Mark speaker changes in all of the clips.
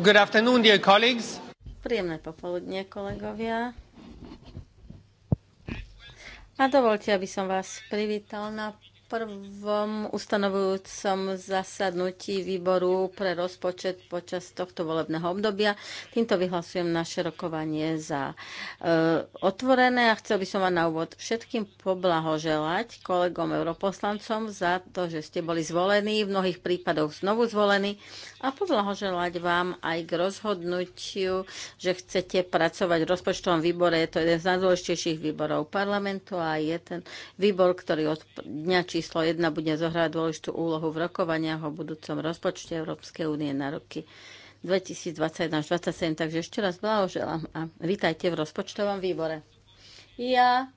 Speaker 1: Good afternoon, dear colleagues. Príjemné popoludne, kolegovia. A dovolte, aby som vás privítal na prvom ustanovujúcom zasadnutí výboru pre rozpočet počas tohto volebného obdobia. Týmto vyhlasujem naše rokovanie za e, otvorené a chcel by som vám na úvod všetkým poblahoželať kolegom europoslancom za to, že ste boli zvolení, v mnohých prípadoch znovu zvolení a poblahoželať vám aj k rozhodnutiu, že chcete pracovať v rozpočtovom výbore. Je to jeden z najdôležitejších výborov parlamentu a je ten výbor, ktorý od dňa či číslo 1 bude zohrať dôležitú úlohu v rokovaniach o budúcom rozpočte Európskej únie na roky 2021 až 2027. Takže ešte raz blahoželám a vítajte v rozpočtovom výbore. Ja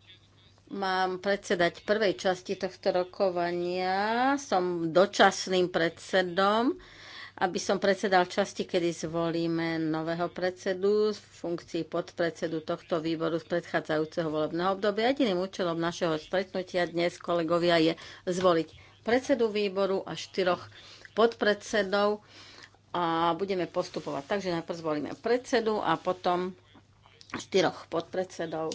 Speaker 1: mám predsedať prvej časti tohto rokovania. Som dočasným predsedom aby som predsedal časti, kedy zvolíme nového predsedu z funkcii podpredsedu tohto výboru z predchádzajúceho volebného obdobia. Jediným účelom našeho stretnutia dnes, kolegovia, je zvoliť predsedu výboru a štyroch podpredsedov a budeme postupovať. Takže najprv zvolíme predsedu a potom štyroch podpredsedov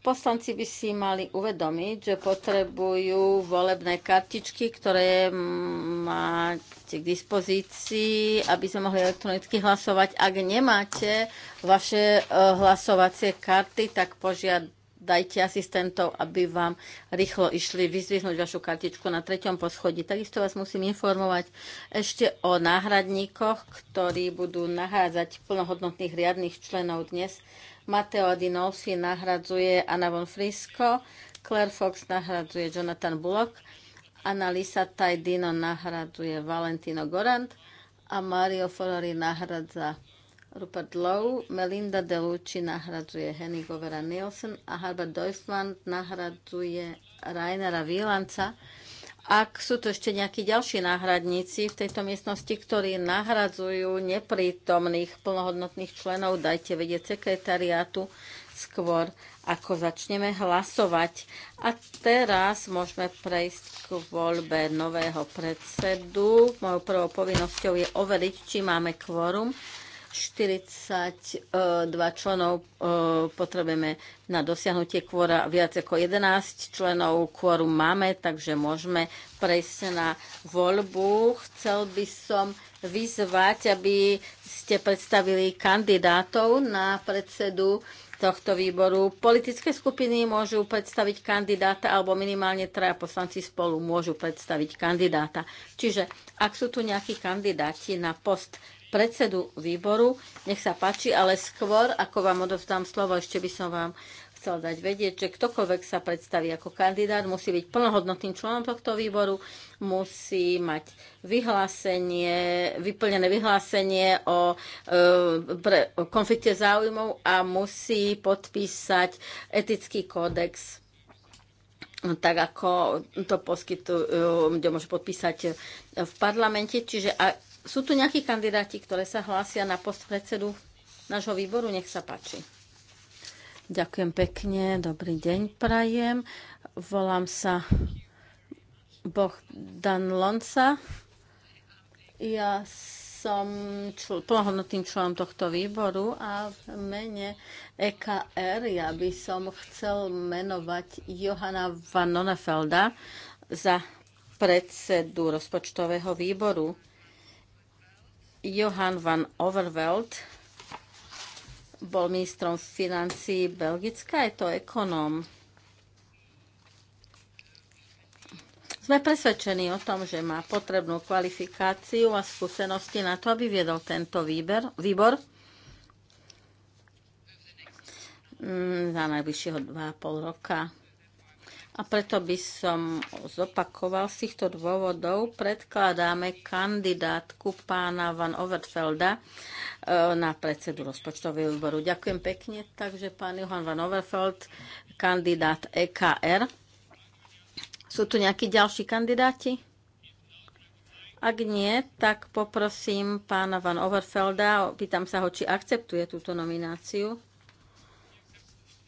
Speaker 1: Poslanci by si mali uvedomiť, že potrebujú volebné kartičky, ktoré máte k dispozícii, aby sme mohli elektronicky hlasovať. Ak nemáte vaše e, hlasovacie karty, tak požiadajte asistentov, aby vám rýchlo išli vyzvihnúť vašu kartičku na treťom poschodí. Takisto vás musím informovať ešte o náhradníkoch, ktorí budú nahádzať plnohodnotných riadných členov dnes Mateo Adinolfi nahradzuje Anna von Frisco, Claire Fox nahradzuje Jonathan Bullock, Annalisa Tajdino nahradzuje Valentino Gorant a Mario Ferrari nahradza Rupert Lowe, Melinda Delucci nahradzuje Henny Govera Nielsen a Harbert Deutschland nahradzuje Rainera Wielanca. Ak sú tu ešte nejakí ďalší náhradníci v tejto miestnosti, ktorí nahradzujú neprítomných plnohodnotných členov, dajte vedieť sekretariátu skôr, ako začneme hlasovať. A teraz môžeme prejsť k voľbe nového predsedu. Mojou prvou povinnosťou je overiť, či máme kvorum. 42 e, členov e, potrebujeme na dosiahnutie kvóra viac ako 11 členov kvóru máme, takže môžeme prejsť na voľbu. Chcel by som vyzvať, aby ste predstavili kandidátov na predsedu tohto výboru. Politické skupiny môžu predstaviť kandidáta alebo minimálne traja poslanci spolu môžu predstaviť kandidáta. Čiže ak sú tu nejakí kandidáti na post predsedu výboru. Nech sa páči, ale skôr, ako vám odovzdám slovo, ešte by som vám chcel dať vedieť, že ktokoľvek sa predstaví ako kandidát, musí byť plnohodnotným členom tohto výboru, musí mať vyhlásenie, vyplnené vyhlásenie o, e, o konflikte záujmov a musí podpísať etický kódex tak ako to poskytujú, kde môže podpísať v parlamente. Čiže sú tu nejakí kandidáti, ktoré sa hlásia na post predsedu nášho výboru? Nech sa páči. Ďakujem pekne, dobrý deň prajem. Volám sa Bohdan Lonca. Ja som čl- plnohodnotným členom tohto výboru a v mene EKR ja by som chcel menovať Johana van Nonefelda za predsedu rozpočtového výboru. Johan van Overveld bol ministrom financí Belgická, je to ekonóm. Sme presvedčení o tom, že má potrebnú kvalifikáciu a skúsenosti na to, aby viedol tento výber, výbor mm, za najbližšieho 2,5 roka. A preto by som zopakoval z týchto dôvodov, predkladáme kandidátku pána Van Overfelda e, na predsedu rozpočtového výboru. Ďakujem pekne. Takže pán Johan Van Overfeld, kandidát EKR. Sú tu nejakí ďalší kandidáti? Ak nie, tak poprosím pána Van Overfelda, pýtam sa ho, či akceptuje túto nomináciu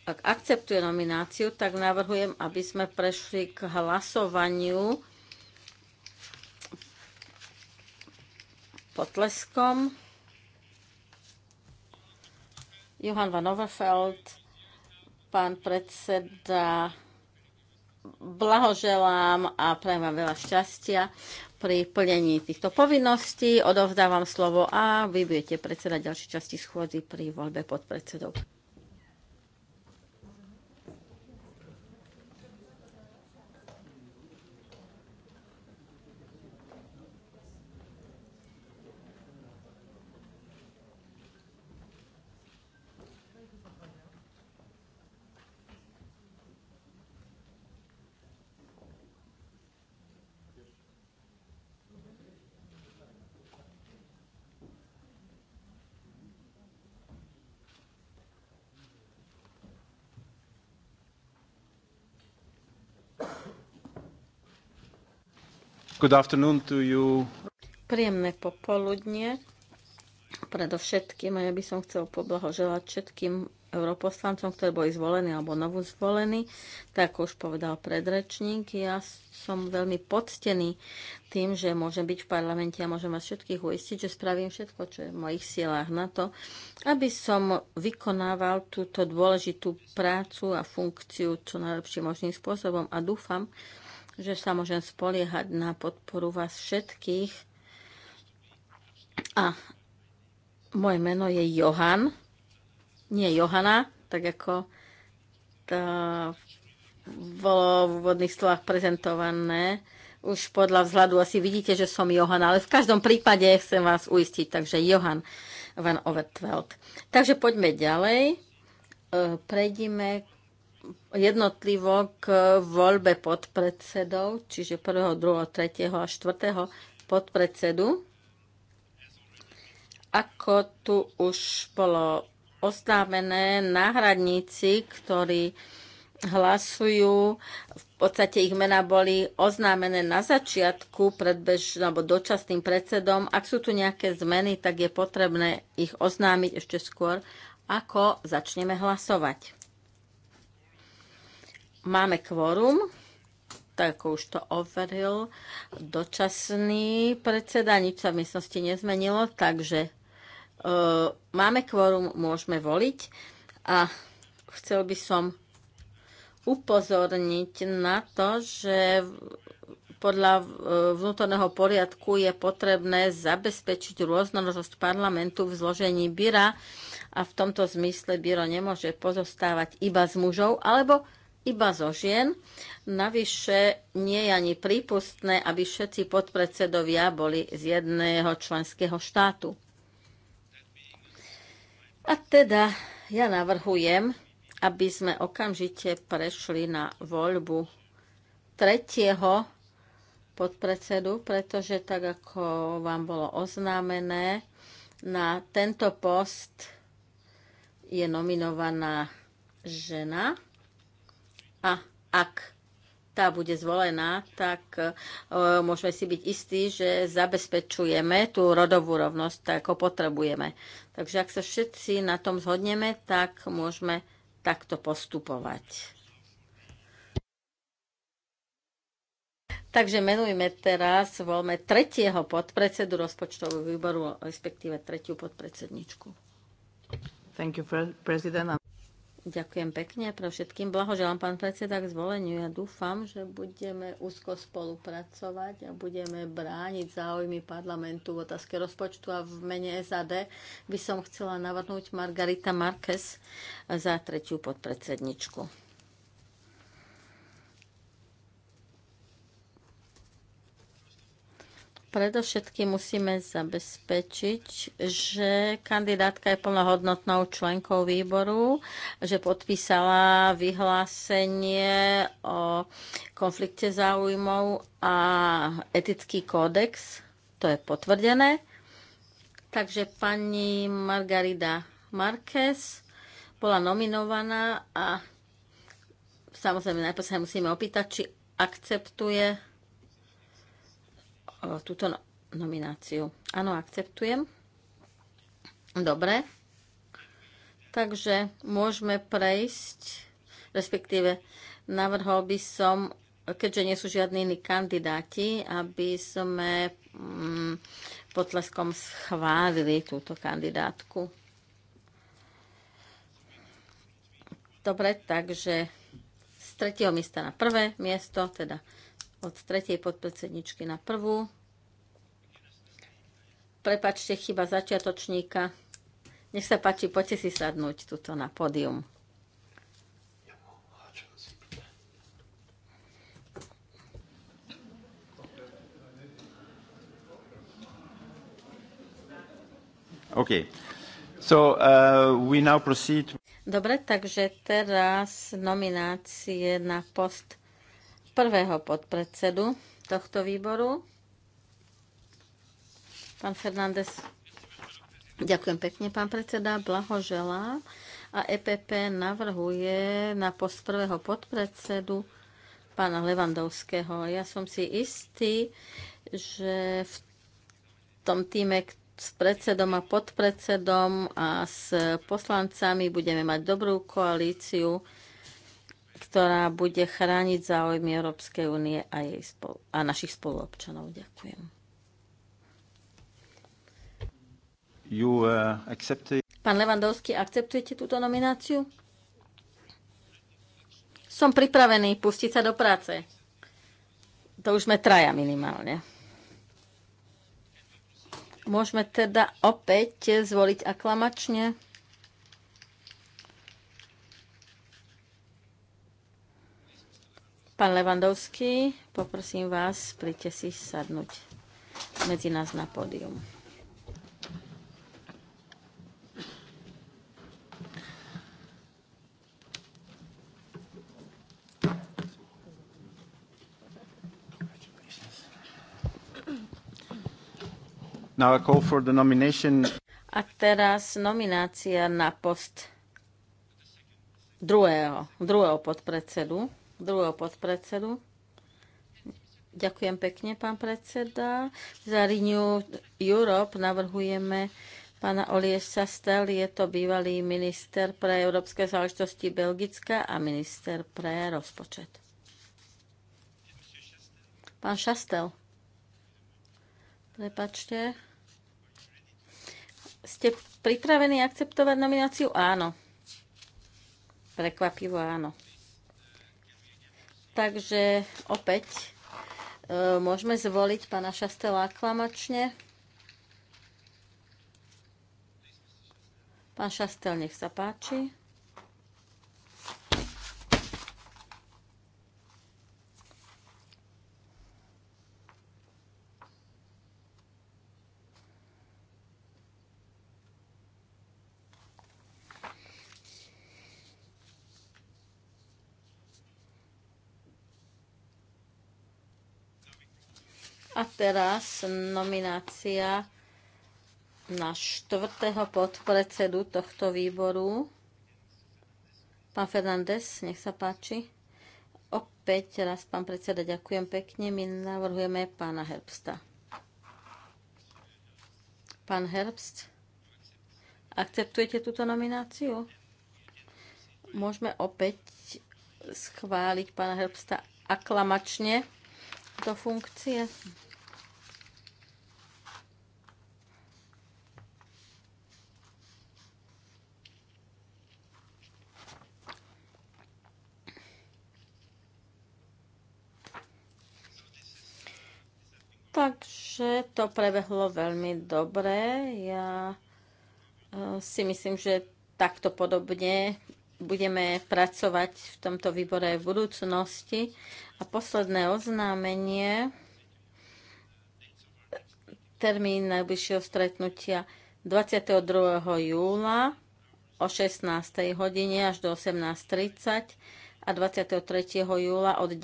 Speaker 1: ak akceptuje nomináciu, tak navrhujem, aby sme prešli k hlasovaniu potleskom. Johan van Overfeld, pán predseda, blahoželám a prajem vám veľa šťastia pri plnení týchto povinností. Odovzdávam slovo a vy budete predsedať ďalšej časti schôdzi pri voľbe podpredsedov. Good afternoon to you. Príjemné popoludnie. Predovšetkým, a ja by som chcel poblahoželať všetkým europoslancom, ktorí boli zvolení alebo novú zvolení, tak už povedal predrečník, ja som veľmi poctený tým, že môžem byť v parlamente a môžem vás všetkých uistiť, že spravím všetko, čo je v mojich silách na to, aby som vykonával túto dôležitú prácu a funkciu čo najlepším možným spôsobom a dúfam, že sa môžem spoliehať na podporu vás všetkých. A moje meno je Johan, nie Johana, tak ako to bolo v úvodných slovách prezentované. Už podľa vzhľadu asi vidíte, že som Johan, ale v každom prípade chcem vás uistiť, takže Johan van Overtveld. Takže poďme ďalej. E, prejdime jednotlivo k voľbe podpredsedov, čiže prvého, druhého, tretieho a štvrtého podpredsedu. Ako tu už bolo oznámené, náhradníci, ktorí hlasujú. V podstate ich mená boli oznámené na začiatku predbež, alebo dočasným predsedom. Ak sú tu nejaké zmeny, tak je potrebné ich oznámiť ešte skôr, ako začneme hlasovať. Máme kvorum, tak ako už to overil dočasný predseda, nič sa v miestnosti nezmenilo, takže e, máme kvórum, môžeme voliť a chcel by som upozorniť na to, že podľa e, vnútorného poriadku je potrebné zabezpečiť rôznorodosť parlamentu v zložení byra a v tomto zmysle byro nemôže pozostávať iba z mužov alebo iba zo žien. Navyše nie je ani prípustné, aby všetci podpredsedovia boli z jedného členského štátu. A teda ja navrhujem, aby sme okamžite prešli na voľbu tretieho podpredsedu, pretože tak ako vám bolo oznámené, na tento post je nominovaná žena a ak tá bude zvolená, tak e, môžeme si byť istí, že zabezpečujeme tú rodovú rovnosť, tak ako potrebujeme. Takže ak sa všetci na tom zhodneme, tak môžeme takto postupovať. Takže menujme teraz, voľme tretieho podpredsedu rozpočtového výboru, respektíve tretiu podpredsedničku. Thank you, president. Ďakujem pekne pre všetkým. Blahoželám pán predseda k zvoleniu. Ja dúfam, že budeme úzko spolupracovať a budeme brániť záujmy parlamentu v otázke rozpočtu a v mene SAD by som chcela navrhnúť Margarita Marquez za tretiu podpredsedničku. Predovšetkým musíme zabezpečiť, že kandidátka je plnohodnotnou členkou výboru, že podpísala vyhlásenie o konflikte záujmov a etický kódex. To je potvrdené. Takže pani Margarida Marquez bola nominovaná a samozrejme najprv sa musíme opýtať, či akceptuje túto no- nomináciu. Áno, akceptujem. Dobre. Takže môžeme prejsť, respektíve navrhol by som, keďže nie sú žiadni iní kandidáti, aby sme mm, potleskom schválili túto kandidátku. Dobre, takže z tretieho miesta na prvé miesto, teda od tretej podpredsedničky na prvú. Prepačte, chyba začiatočníka. Nech sa páči, poďte si sadnúť tuto na pódium. OK. So, uh, we now proceed... Dobre, takže teraz nominácie na post prvého podpredsedu tohto výboru. Pán Fernández, ďakujem pekne, pán predseda, blahoželám. A EPP navrhuje na post prvého podpredsedu pána Levandovského. Ja som si istý, že v tom týme s predsedom a podpredsedom a s poslancami budeme mať dobrú koalíciu ktorá bude chrániť záujmy Európskej únie a, jej spolu, a našich spoluobčanov. Ďakujem. You, uh, accepted... Pán Levandovský, akceptujete túto nomináciu? Som pripravený pustiť sa do práce. To už sme traja minimálne. Môžeme teda opäť zvoliť aklamačne. Pán Levandovský, poprosím vás, príďte si sadnúť medzi nás na pódium. Now I call for the nomination. A teraz nominácia na post druhého, druhého podpredsedu druhého podpredsedu. Ďakujem pekne, pán predseda. Za Renew Europe navrhujeme pána Olieša Stel, je to bývalý minister pre európske záležitosti Belgická a minister pre rozpočet. Pán Šastel, prepačte. Ste pripravení akceptovať nomináciu? Áno. Prekvapivo áno. Takže opäť e, môžeme zvoliť pána Šastela aklamačne. Pán Šastel, nech sa páči. teraz nominácia na štvrtého podpredsedu tohto výboru. Pán Fernández, nech sa páči. Opäť raz, pán predseda, ďakujem pekne. My navrhujeme pána Herbsta. Pán Herbst, akceptujete túto nomináciu? Môžeme opäť schváliť pána Herbsta aklamačne do funkcie. to prebehlo veľmi dobre. Ja e, si myslím, že takto podobne budeme pracovať v tomto výbore v budúcnosti. A posledné oznámenie, termín najbližšieho stretnutia 22. júla o 16. hodine až do 18.30 a 23. júla od 9.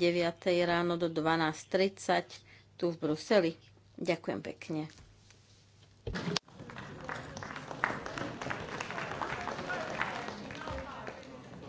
Speaker 1: ráno do 12.30 tu v Bruseli. Ďakujem pekne.